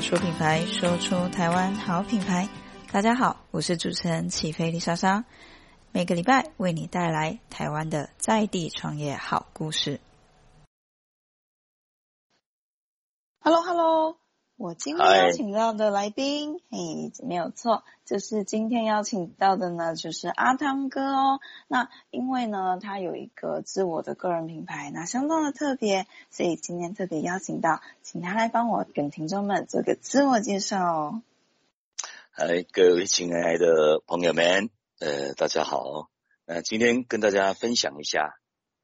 說品牌，說出台灣好品牌。大家好，我是主持人起飛麗莎莎，每個禮拜為你帶來台灣的在地創業好故事。Hello，Hello hello。我今天邀請到的來賓、Hi，嘿，沒有錯，就是今天邀請到的呢，就是阿湯哥哦。那因為呢，他有一個自我的個人品牌，那相當的特別，所以今天特別邀請到，請他來幫我跟聽眾們做個自我介紹哦。嗨，各位親愛的朋友們，呃，大家好，那、呃、今天跟大家分享一下，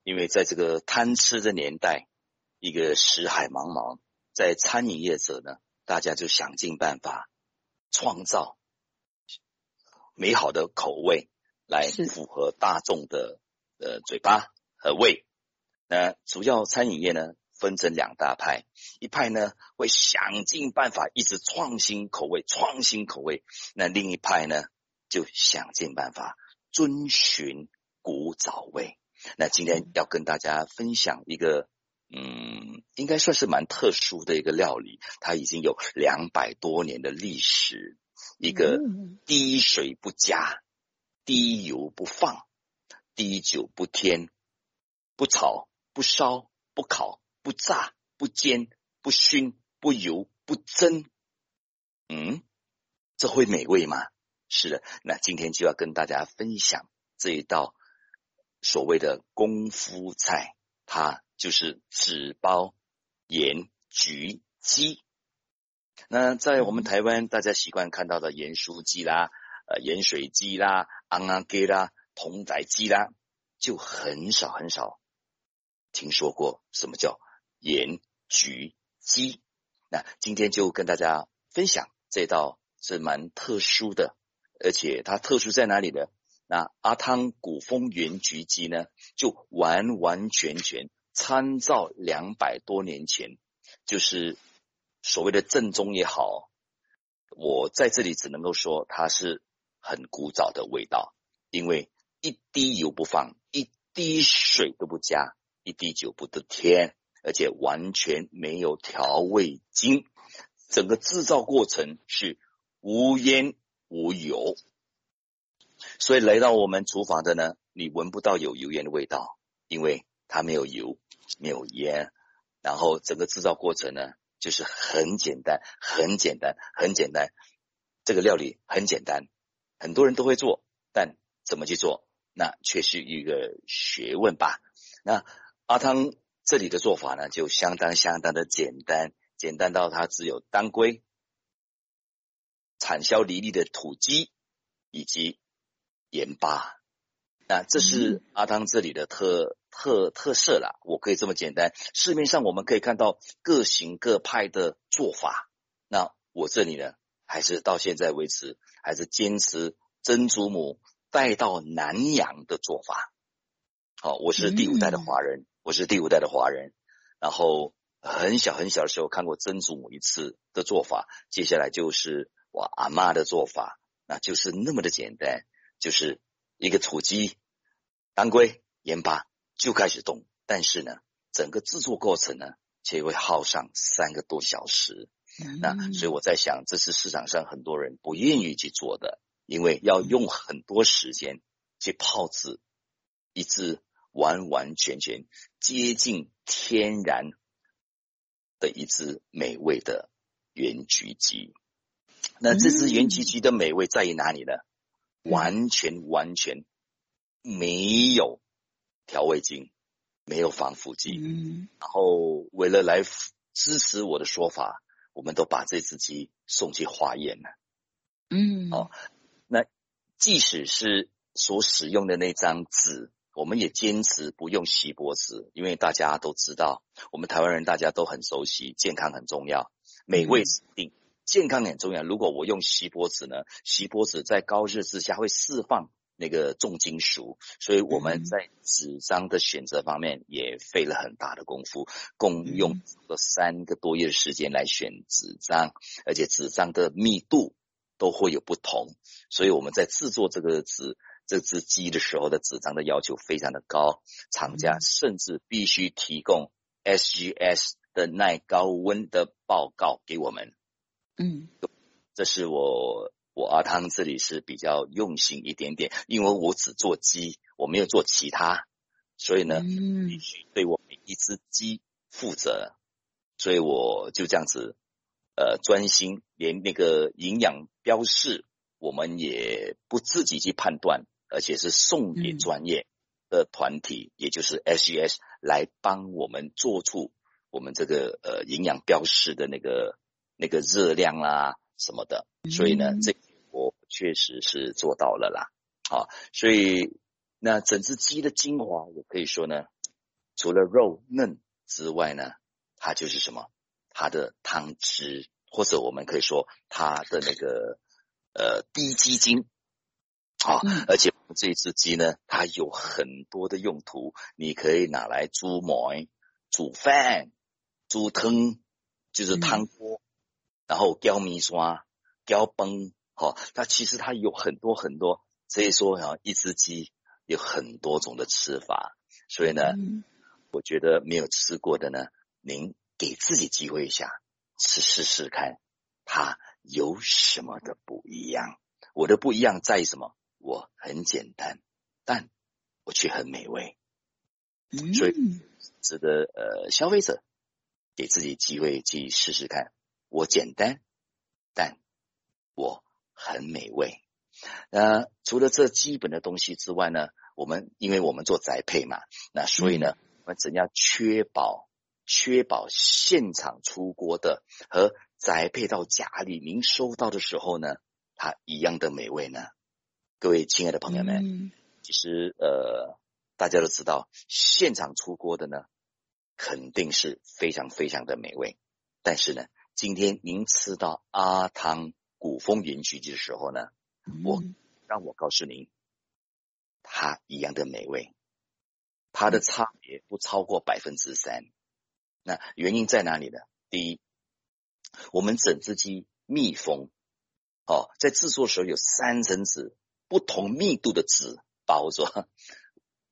因為在這個貪吃的年代，一個食海茫茫，在餐飲業者呢。大家就想盡辦法創造美好的口味，來符合大眾的呃嘴巴和胃。那主要餐飲業呢，分成兩大派，一派呢會想盡辦法一直創新口味，創新口味；那另一派呢就想盡辦法遵循古早味。那今天要跟大家分享一個。嗯，應該算是蠻特殊的一個料理，它已經有兩百多年的歷史。一個滴水不加、滴油不放、滴酒不添、不炒、不燒、不烤、不炸、不煎、不熏、不油、不蒸。嗯，這會美味嗎？是的，那今天就要跟大家分享這一道所謂的功夫菜，它。就是紙包鹽焗雞。那在我們台灣，嗯、大家習慣看到的鹽酥雞啦、呃、鹽水雞啦、甕仔雞啦、桶仔雞啦，就很少很少聽說過什麼叫鹽焗雞。那今天就跟大家分享這道是蠻特殊的，而且它特殊在哪裡呢？那阿湯古風鹽焗雞呢，就完完全全。參照兩百多年前，就是所謂的正宗也好，我在這裡只能夠說它是很古早的味道，因為一滴油不放，一滴水都不加，一滴酒不得添，而且完全沒有調味精，整個製造過程是無煙無油，所以來到我們廚房的呢，你聞不到有油煙的味道，因為。它沒有油，沒有鹽，然後整個製造過程呢，就是很簡單，很簡單，很簡單。這個料理很簡單，很多人都會做，但怎麼去做，那卻是一個學問吧。那阿湯這裡的做法呢，就相當相當的簡單，簡單到它只有當歸、產銷履歷的土雞以及鹽巴。那這是阿湯這裡的特。嗯特特色了，我可以這麼簡單。市面上我們可以看到各行各派的做法，那我這裡呢，還是到現在為止還是堅持曾祖母帶到南洋的做法。好、哦，我是第五代的華人、嗯，我是第五代的華人。然後很小很小的時候看過曾祖母一次的做法，接下來就是我阿媽的做法，那就是那麼的簡單，就是一個土雞、當歸、鹽巴。就開始動，但是呢，整個制作過程呢，卻會耗上三個多小時。嗯、那所以我在想，這是市場上很多人不願意去做的，因為要用很多時間去泡制一只完完全全接近天然的一只美味的鹽焗雞。那這只鹽焗雞的美味在於哪裡呢、嗯？完全完全沒有。調味精沒有防腐劑，嗯，然後為了來支持我的說法，我們都把這只雞送去化驗了，嗯，哦，那即使是所使用的那張紙，我們也堅持不用錫箔紙，因為大家都知道，我們台灣人大家都很熟悉，健康很重要，美味是定，嗯，健康很重要。如果我用錫箔紙呢，錫箔紙在高熱之下會釋放。那個重金屬，所以我們在紙張的選擇方面也費了很大的功夫，共用了三個多月的時間來選紙張，而且紙張的密度都會有不同，所以我們在製作這個紙，這隻雞的時候的紙張的要求非常的高，廠家甚至必須提供 SGS 的耐高溫的報告給我們。嗯，這是我。我阿湯這裡是比較用心一點點，因為我只做雞，我沒有做其他，所以呢，必、嗯、須對我每一隻雞負責，所以我就這樣子，呃，專心連那個營養標示，我們也不自己去判斷，而且是送給專業的團體，嗯、也就是 SUS 來幫我們做出我們這個呃營養標示的那個那個熱量啦、啊、什麼的、嗯，所以呢，這、嗯。確實是做到了啦，好，所以那整隻雞的精華，我可以說呢，除了肉嫩之外呢，它就是什麼？它的湯汁，或者我們可以說它的那個呃滴雞精，好、嗯，而且這隻雞呢，它有很多的用途，你可以拿來煮梅、煮飯、煮湯，就是湯鍋，嗯、然後雕米刷雕崩。好、哦，那其實它有很多很多，所以說啊，一只雞有很多種的吃法。所以呢、嗯，我覺得沒有吃過的呢，您給自己機會一下去試試看，它有什麼的不一樣？我的不一樣在於什麼？我很簡單，但我卻很美味，所以值得呃消費者給自己機會去試試看。我簡單，但我。很美味。那除了這基本的東西之外呢，我們因為我們做宅配嘛，那所以呢，我們怎樣確保確保現場出鍋的和宅配到家裡，您收到的時候呢，它一樣的美味呢？各位親愛的朋友們，嗯、其實呃，大家都知道，現場出鍋的呢，肯定是非常非常的美味。但是呢，今天您吃到阿湯。古風鹽焗雞的時候呢，我讓我告訴您，它一樣的美味，它的差別不超過百分之三。那原因在哪裡呢？第一，我們整隻雞密封，哦，在製作的時候有三層紙，不同密度的紙包着。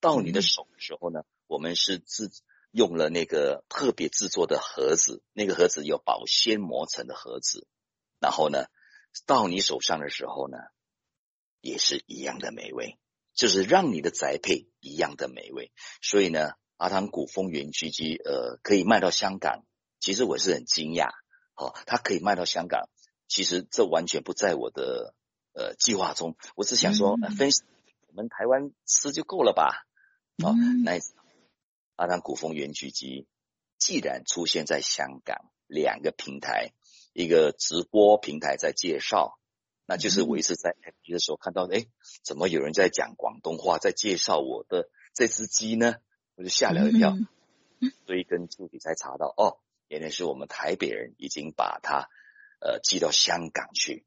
到你的手的時候呢，我們是自用了那個特別製作的盒子，那個盒子有保鮮膜層的盒子，然後呢，到你手上的時候呢，也是一樣的美味，就是讓你的宅配一樣的美味。所以呢，阿湯古風鹽焗雞呃可以賣到香港，其實我是很驚訝，哦，它可以賣到香港，其實這完全不在我的呃計劃中。我只想說，嗯呃、分我們台灣吃就夠了吧。好、哦嗯，那阿湯古風鹽焗雞既然出現在香港兩個平台。一個直播平台在介紹，那就是我一次在 APP 的時候看到，哎、嗯，怎麼有人在講廣東話，在介紹我的這隻雞呢？我就嚇了一跳、嗯，所以跟助理才查到，哦，原來是我們台北人已經把它呃寄到香港去。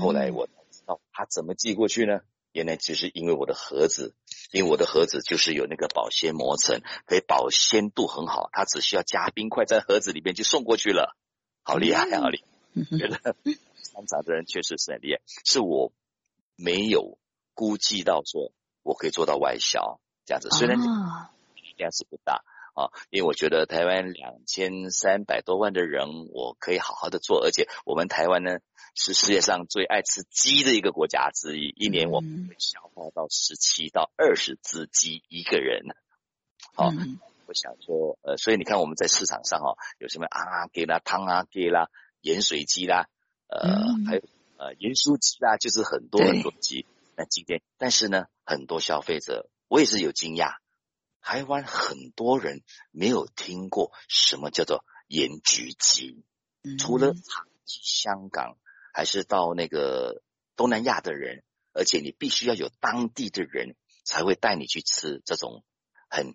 後來我才知道他怎麼寄過去呢？原來就是因為我的盒子，因為我的盒子就是有那個保鮮膜層，可以保鮮度很好，它只需要加冰塊在盒子裡面就送過去了。好厲害啊！好厲害，嗯、覺得生產 的人確實是很厲害，是我沒有估計到，說我可以做到外銷這樣子。啊、雖然啊，量是不大啊，因為我覺得台灣兩千三百多萬的人，我可以好好的做，而且我們台灣呢是世界上最愛吃雞的一個國家之一，嗯、一年我們會消化到十七到二十只雞一個人。好、啊。嗯我想說，呃，所以你看我們在市場上哦，有什麼啊雞啦，湯啊雞啦，鹽水雞啦，呃，嗯、還有呃鹽酥雞啦，啊，就是很多很多雞。那今天，但是呢，很多消費者，我也是有驚訝，台灣很多人沒有聽過什麼叫做鹽焗雞，嗯，除了去香港還是到那個東南亞的人，而且你必須要有當地的人才會帶你去吃這種很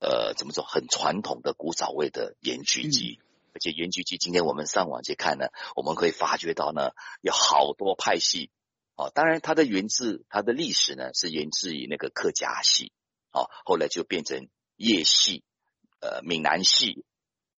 呃，怎麼說，很傳統的古早味的鹽焗雞，而且鹽焗雞，今天我們上網去看呢，我們可以發覺到呢，有好多派系哦。當然，它的源自它的歷史呢，是源自於那個客家系哦，後來就變成粵系，呃，閩南系，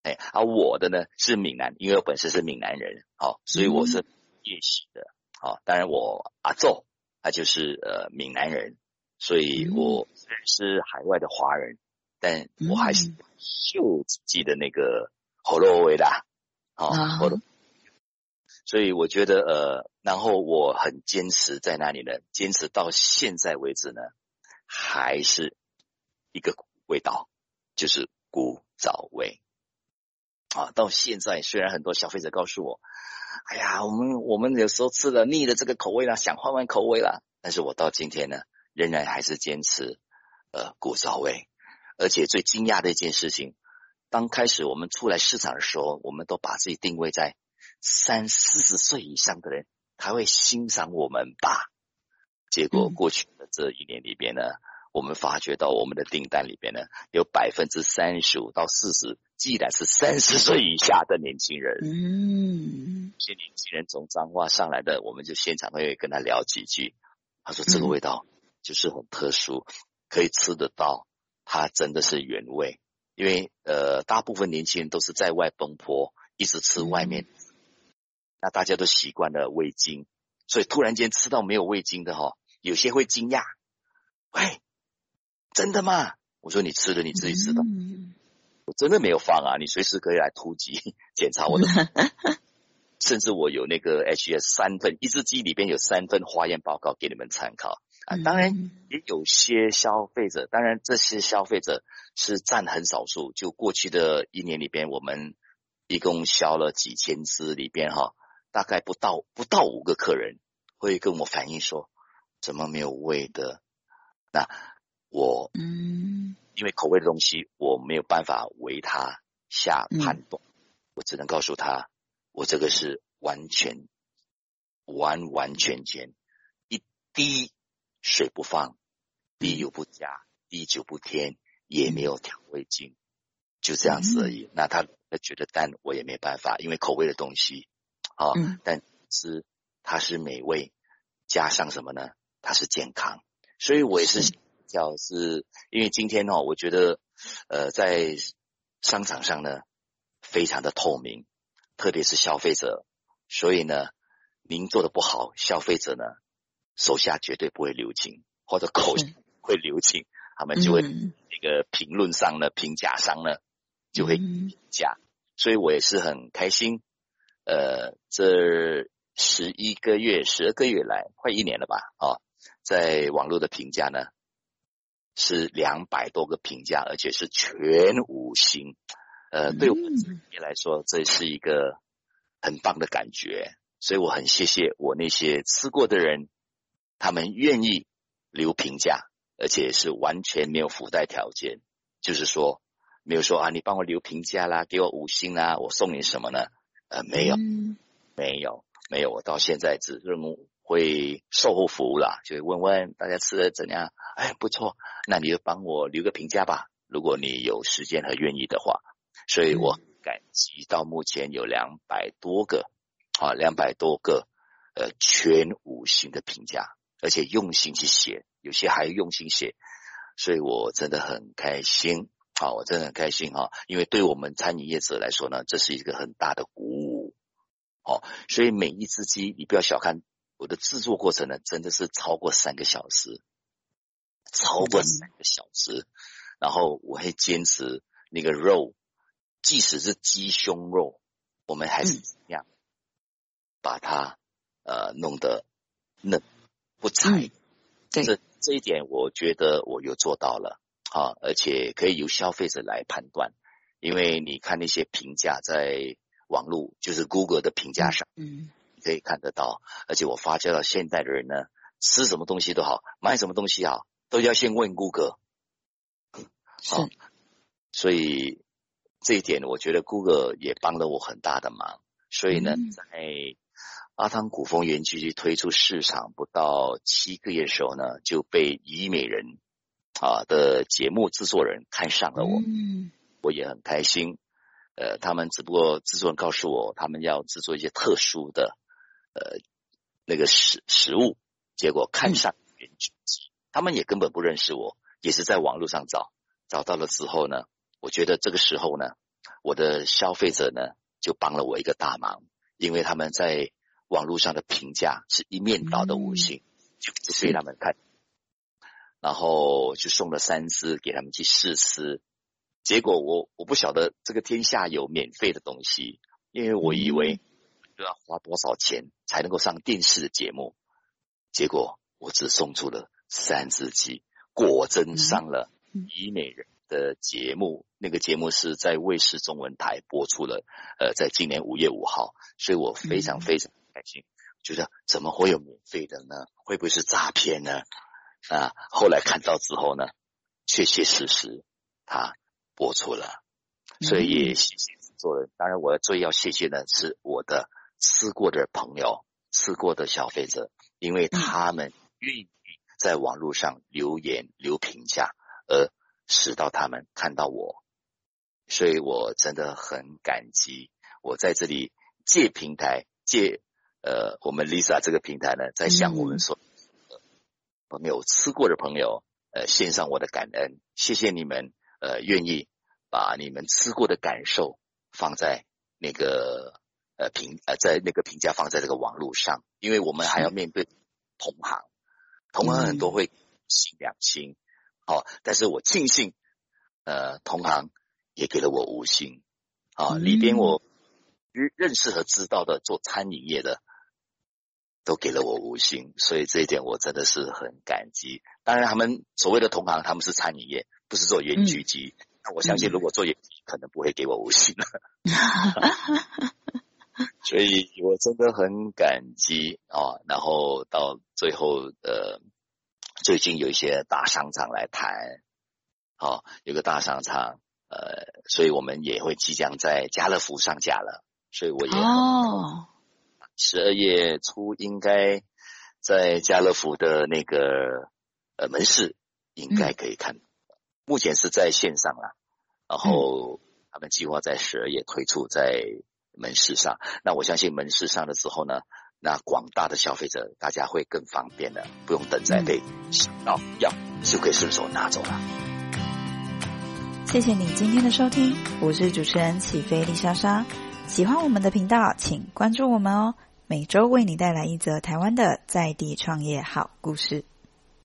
哎，而、啊、我的呢是閩南，因為我本身是閩南人哦，所以我是粵系的哦。當然我阿祖，他就是呃閩南人，所以我是海外的華人。但我還是就記得那個喉嚨味啦、嗯哦，所以我覺得呃，然後我很堅持在哪裡呢？堅持到現在為止呢，還是一個味道，就是古早味啊。到現在雖然很多消費者告訴我，哎呀，我們我們有時候吃了膩了這個口味啦，想換換口味了，但是我到今天呢，仍然還是堅持呃古早味。而且最驚訝的一件事情，剛開始我們出來市場的時候，我們都把自己定位在三四十歲以上的人，他會欣賞我們吧？結果過去的這一年裡邊呢、嗯，我們發覺到我們的訂單裡邊呢，有百分之三十五到四十，竟然是三十歲以下的年輕人。嗯，這些年輕人從彰化上來的，我們就現場會跟他聊幾句。他說：“這個味道就是很特殊，嗯、可以吃得到。”它真的是原味，因為呃，大部分年輕人都是在外奔波，一直吃外面，那大家都習慣了味精，所以突然間吃到沒有味精的哈，有些會驚訝，喂。真的嗎？我說，你吃了你自己知道，我真的沒有放啊，你隨時可以來突擊檢查我的， 甚至我有那個 H S 三份，一隻雞裡邊有三份化驗報告給你們參考。啊，當然也有些消費者，當然這些消費者是佔很少數。就過去的一年裡邊，我們一共銷了幾千隻裡邊，哈，大概不到不到五個客人會跟我反映說，怎麼沒有味的？那我嗯，因為口味的東西，我沒有辦法為他下判斷，嗯，我只能告訴他，我這個是完全完完全全一滴，水不放，油不加，酒不添，也沒有調味精，嗯，就這樣子而已。那他他覺得，淡，我也沒辦法，因為口味的東西，啊，嗯，但是它是美味，加上什麼呢？它是健康。所以我也是想，就是，因為今天哦，我覺得，呃，在商場上呢，非常的透明，特別是消費者，所以呢，您做得不好，消費者呢。手下絕對不會留情，或者口不會留情，Okay. 他們就會那、mm -hmm. 個評論上呢、評價上呢就會評價，mm -hmm. 所以我也是很開心。呃，這十一個月、十二個月來，快一年了吧？哦，在網絡的評價呢是兩百多個評價，而且是全五星。呃，mm -hmm. 對我自己來說，這是一個很棒的感覺，所以我很謝謝我那些吃過的人。他們願意留評價，而且是完全沒有附帶條件，就是說沒有說啊，你幫我留評價啦，給我五星啦，我送你什麼呢？呃，沒有，嗯、沒有，沒有。我到現在只認為會售後服務啦，就會問問大家吃的怎樣？哎，不錯，那你就幫我留個評價吧，如果你有時間和願意的話。所以我感激到目前有兩百多個啊，兩百多個呃全五星的評價。而且用心去寫，有些還用心寫，所以我真的很開心啊！我真的很開心啊！因為對我們餐飲業者來說呢，這是一個很大的鼓舞。好，所以每一隻雞，你不要小看我的制作過程呢，真的是超過三個小時，超過三個小時。然後我會堅持那個肉，即使是雞胸肉，我們還是怎麼樣把它呃弄得嫩。不在，這、嗯就是、這一點我覺得我又做到了啊，而且可以由消費者來判斷，因為你看那些評價在網絡，就是 Google 的評價上，嗯，你可以看得到。而且我發覺到現代的人呢，吃什麼東西都好，買什麼東西啊，都要先問 Google，、啊、是，所以這一點我覺得 Google 也幫了我很大的忙。所以呢，嗯、在阿湯古風鹽焗雞推出市場不到七個月的時候呢，就被怡美人啊的節目制作人看上了我，我也很開心。呃，他們只不過製作人告訴我，他們要制作一些特殊的呃那個食食物，結果看上鹽焗雞，他們也根本不認識我，也是在網絡上找找到了之後呢，我覺得這個時候呢，我的消費者呢就幫了我一個大忙，因為他們在。網絡上的評價是一面倒的五星，就給他們看，然後就送了三隻給他們去試吃。結果我我不曉得這個天下有免費的東西，因為我以為都要、啊、花多少錢才能夠上電視的節目。結果我只送出了三隻雞，果真上了《伊美人》的節目。那個節目是在衛視中文台播出了，呃，在今年五月五號，所以我非常非常開心，覺得怎麼會有免費的呢？會不會是詐騙呢？啊，後來看到之後呢，確確實實它播出了，所以也謝謝製作人。當然，我最要謝謝的是我的吃過的朋友、吃過的消費者，因為他們願、嗯、意在網絡上留言、留評價，而使到他們看到我，所以我真的很感激。我在這裡借平台借。呃，我們 Lisa 這個平台呢，在向我們所朋友吃過的朋友，呃，獻上我的感恩，謝謝你們，呃，願意把你們吃過的感受放在那個呃評呃在那個評價放在這個網絡上，因為我們還要面對同行，嗯、同行很多會星兩星，好、嗯哦，但是我慶幸，呃，同行也給了我五星，啊、哦嗯，裡邊我認識和知道的做餐飲業的。都給了我五星，所以這一點我真的是很感激。當然，他們所謂的同行，他們是餐飲業，不是做鹽焗雞。我相信，如果做鹽焗，可能不會給我五星了。 所以，我真的很感激啊、哦。然後到最後，呃，最近有一些大商場來談，好、哦，有個大商場，呃，所以我們也會即將在家樂福上架了。所以，我也哦。十二月初應該在家樂福的那個呃門市應該可以看，目前是在線上啦，然後他們計劃在十二月推出在門市上。那我相信門市上的時候呢，那廣大的消費者大家會更方便的，不用等在被哦要就可以順手拿走了、啊。謝謝你今天的收聽，我是主持人起飛李莎莎，喜歡我們的頻道請關注我們哦。每週為你帶來一則台灣的在地創業好故事。